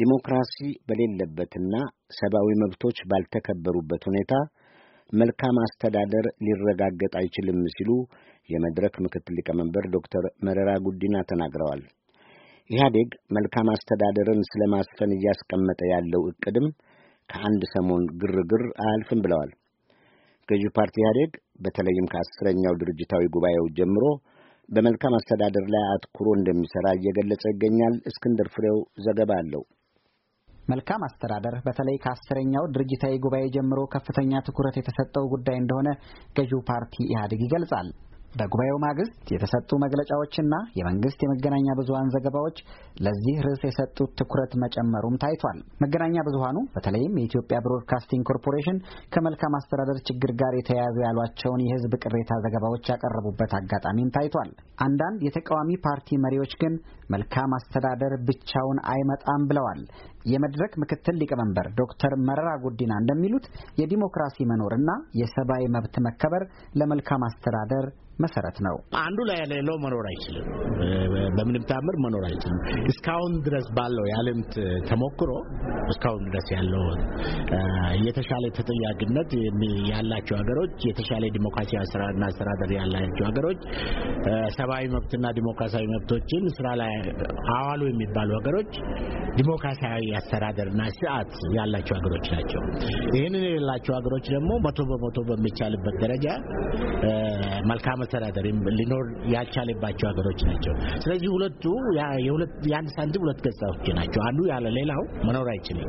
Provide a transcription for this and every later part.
ዲሞክራሲ በሌለበትና ሰብአዊ መብቶች ባልተከበሩበት ሁኔታ መልካም አስተዳደር ሊረጋገጥ አይችልም ሲሉ የመድረክ ምክትል ሊቀመንበር ዶክተር መረራ ጉዲና ተናግረዋል። ኢህአዴግ መልካም አስተዳደርን ስለ ማስፈን እያስቀመጠ ያለው እቅድም ከአንድ ሰሞን ግርግር አያልፍም ብለዋል። ገዢው ፓርቲ ኢህአዴግ በተለይም ከአስረኛው ድርጅታዊ ጉባኤው ጀምሮ በመልካም አስተዳደር ላይ አትኩሮ እንደሚሠራ እየገለጸ ይገኛል። እስክንድር ፍሬው ዘገባ አለው። መልካም አስተዳደር በተለይ ከአስረኛው ድርጅታዊ ጉባኤ ጀምሮ ከፍተኛ ትኩረት የተሰጠው ጉዳይ እንደሆነ ገዢው ፓርቲ ኢህአዴግ ይገልጻል። በጉባኤው ማግስት የተሰጡ መግለጫዎችና የመንግስት የመገናኛ ብዙሀን ዘገባዎች ለዚህ ርዕስ የሰጡት ትኩረት መጨመሩም ታይቷል። መገናኛ ብዙሀኑ በተለይም የኢትዮጵያ ብሮድካስቲንግ ኮርፖሬሽን ከመልካም አስተዳደር ችግር ጋር የተያያዙ ያሏቸውን የህዝብ ቅሬታ ዘገባዎች ያቀረቡበት አጋጣሚም ታይቷል። አንዳንድ የተቃዋሚ ፓርቲ መሪዎች ግን መልካም አስተዳደር ብቻውን አይመጣም ብለዋል። የመድረክ ምክትል ሊቀመንበር ዶክተር መረራ ጉዲና እንደሚሉት የዲሞክራሲ መኖርና የሰብአዊ መብት መከበር ለመልካም አስተዳደር መሰረት ነው። አንዱ ላይ ሌላው መኖር አይችልም። በምንም ታምር መኖር አይችልም። እስካሁን ድረስ ባለው የዓለምት ተሞክሮ እስካሁን ድረስ ያለው የተሻለ ተጠያቂነት ያላቸው ሀገሮች የተሻለ ዲሞክራሲያዊ አሰራርና አስተዳደር ያላቸው ሀገሮች ሰብአዊ መብትና ዲሞክራሲያዊ መብቶችን ስራ ላይ አዋሉ የሚባሉ ሀገሮች ዲሞክራሲያዊ አስተዳደርና ስርዓት ያላቸው ሀገሮች ናቸው። ይህንን የሌላቸው ሀገሮች ደግሞ መቶ በመቶ በሚቻልበት ደረጃ መልካም መተዳደርም ሊኖር ያልቻለባቸው ሀገሮች ናቸው። ስለዚህ ሁለቱ የአንድ ሳንቲም ሁለት ገጻዎች ናቸው። አንዱ ያለ ሌላው መኖር አይችልም።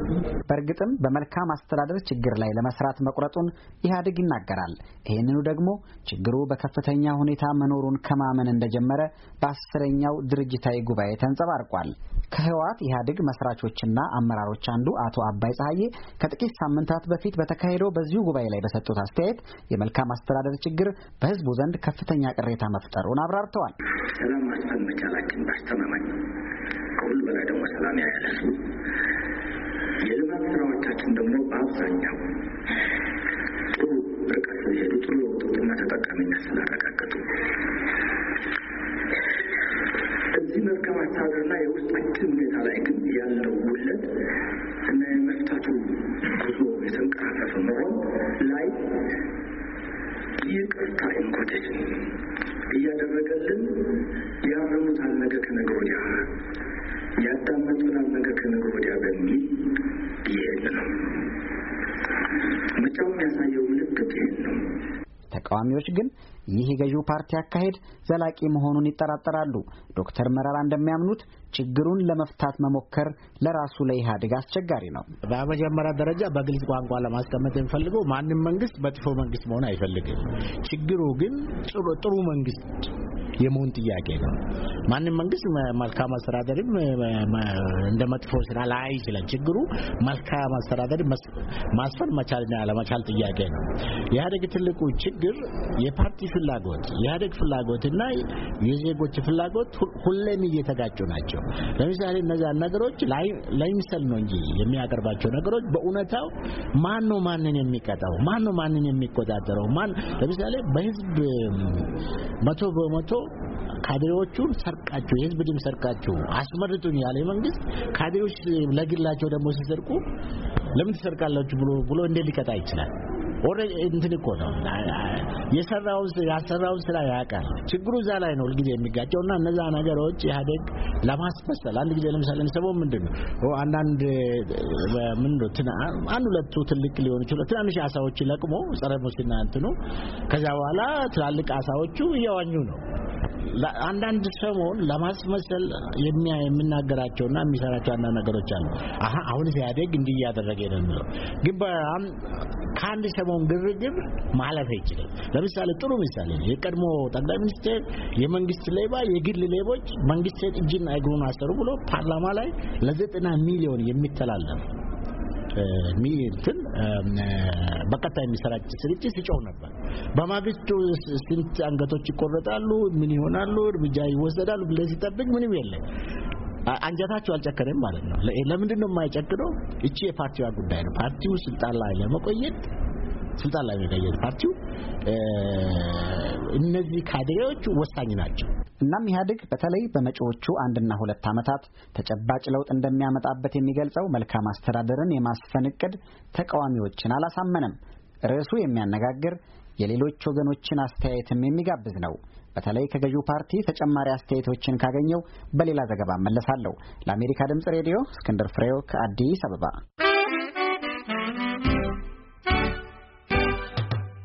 በእርግጥም በመልካም አስተዳደር ችግር ላይ ለመስራት መቁረጡን ኢህአዴግ ይናገራል። ይህንኑ ደግሞ ችግሩ በከፍተኛ ሁኔታ መኖሩን ከማመን እንደጀመረ በአስረኛው ድርጅታዊ ጉባኤ ተንጸባርቋል። ከህወሓት ኢህአዴግ መስራቾችና አመራሮች አንዱ አቶ አባይ ፀሐዬ ከጥቂት ሳምንታት በፊት በተካሄደው በዚሁ ጉባኤ ላይ በሰጡት አስተያየት የመልካም አስተዳደር ችግር በህዝቡ ዘንድ ከፍ ከፍተኛ ቅሬታ መፍጠሩን አብራርተዋል። ሰላም ማስፈን መቻላችን በአስተማማኝ ከሁሉ በላይ ደግሞ ሰላም ያያል ህዝቡ የልማት ስራዎቻችን ደግሞ በአብዛኛው ጥሩ ርቀት ስለሄዱ ጥሩ ለውጦችና ተጠቃሚነት ስላረጋገጡ እዚህ መልካም አስተዳደርና የውስጣችን ሁኔታ ላይ ግን ተቃዋሚዎች ግን ይህ የገዢው ፓርቲ አካሄድ ዘላቂ መሆኑን ይጠራጠራሉ። ዶክተር መረራ እንደሚያምኑት ችግሩን ለመፍታት መሞከር ለራሱ ለኢህአዴግ አስቸጋሪ ነው። በመጀመሪያ ደረጃ በግልጽ ቋንቋ ለማስቀመጥ የሚፈልገው ማንም መንግስት መጥፎ መንግስት መሆን አይፈልግም። ችግሩ ግን ጥሩ መንግስት የመሆን ጥያቄ ነው። ማንም መንግስት መልካም አስተዳደርም እንደ መጥፎ ስራ ላይ ይችላል። ችግሩ መልካም አስተዳደር ማስፈን መቻልና ያለመቻል ጥያቄ ነው። የኢህአዴግ ትልቁ ችግር የፓርቲ ፍላጎት፣ የኢህአዴግ ፍላጎትና የዜጎች ፍላጎት ሁሌም እየተጋጩ ናቸው። ለምሳሌ እነዛን ነገሮች ለይምሰል ነው እንጂ የሚያቀርባቸው ነገሮች በእውነታው ማን ነው ማንን የሚቀጣው? ማን ነው ማንን የሚቆጣጠረው? ማን ለምሳሌ በህዝብ መቶ በመቶ ካድሬዎቹን ሰርቃችሁ የህዝብ ድምፅ ሰርቃችሁ አስመርጡኝ ያለ መንግስት ካድሬዎች ለግላቸው ደግሞ ሲሰርቁ ለምን ትሰርቃላችሁ ብሎ ብሎ እንዴት ሊቀጣ ይችላል? ኦልሬዲ እንትን እኮ ነው የሰራውን ያሰራውን ስራ ያውቃል። ችግሩ እዛ ላይ ነው ሁልጊዜ የሚጋጨውና እነዛ ነገሮች ኢህአዴግ ለማስመሰል አንድ ጊዜ ለምሳሌ ሰበው ምንድን ነው አንዳንድ ምን ነው አንድ ሁለቱ ትልቅ ሊሆን ይችላል ትናንሽ አሳዎች ለቅሞ ጸረ ሙስና እንትኑ ከዛ በኋላ ትላልቅ አሳዎቹ እያዋኙ ነው አንዳንድ ሰሞን ለማስመሰል የምናገራቸውና የሚሰራቸው አንዳንድ ነገሮች አሉ። አሀ አሁን ሲያደግ እንዲህ እያደረገ ነው የሚለው ግን በጣም ከአንድ ሰሞን ግርግር ማለፍ አይችልም። ለምሳሌ ጥሩ ምሳሌ ነው የቀድሞ ጠቅላይ ሚኒስቴር የመንግስት ሌባ የግል ሌቦች መንግስትን እጅና እግሩን አሰሩ ብሎ ፓርላማ ላይ ለዘጠና ሚሊዮን የሚተላለፍ እንትን በቀጣይ የሚሰራጭ ስርጭት ሲጮው ነበር። በማግስቱ ስንት አንገቶች ይቆረጣሉ፣ ምን ይሆናሉ፣ እርምጃ ይወሰዳሉ ብለህ ሲጠብቅ ምንም የለም። አንጀታቸው አልጨከነም ማለት ነው። ለምንድን ነው የማይጨክነው? እቺ የፓርቲዋ ጉዳይ ነው። ፓርቲው ስልጣን ላይ ለመቆየት ስልጣን ላይ የሚቀየር ፓርቲው። እነዚህ ካድሬዎች ወሳኝ ናቸው። እናም ኢህአዴግ በተለይ በመጪዎቹ አንድና ሁለት ዓመታት ተጨባጭ ለውጥ እንደሚያመጣበት የሚገልጸው መልካም አስተዳደርን የማስፈን እቅድ ተቃዋሚዎችን አላሳመነም። ርዕሱ የሚያነጋግር የሌሎች ወገኖችን አስተያየትም የሚጋብዝ ነው። በተለይ ከገዢው ፓርቲ ተጨማሪ አስተያየቶችን ካገኘው በሌላ ዘገባ መለሳለሁ። ለአሜሪካ ድምፅ ሬዲዮ እስክንድር ፍሬው ከአዲስ አበባ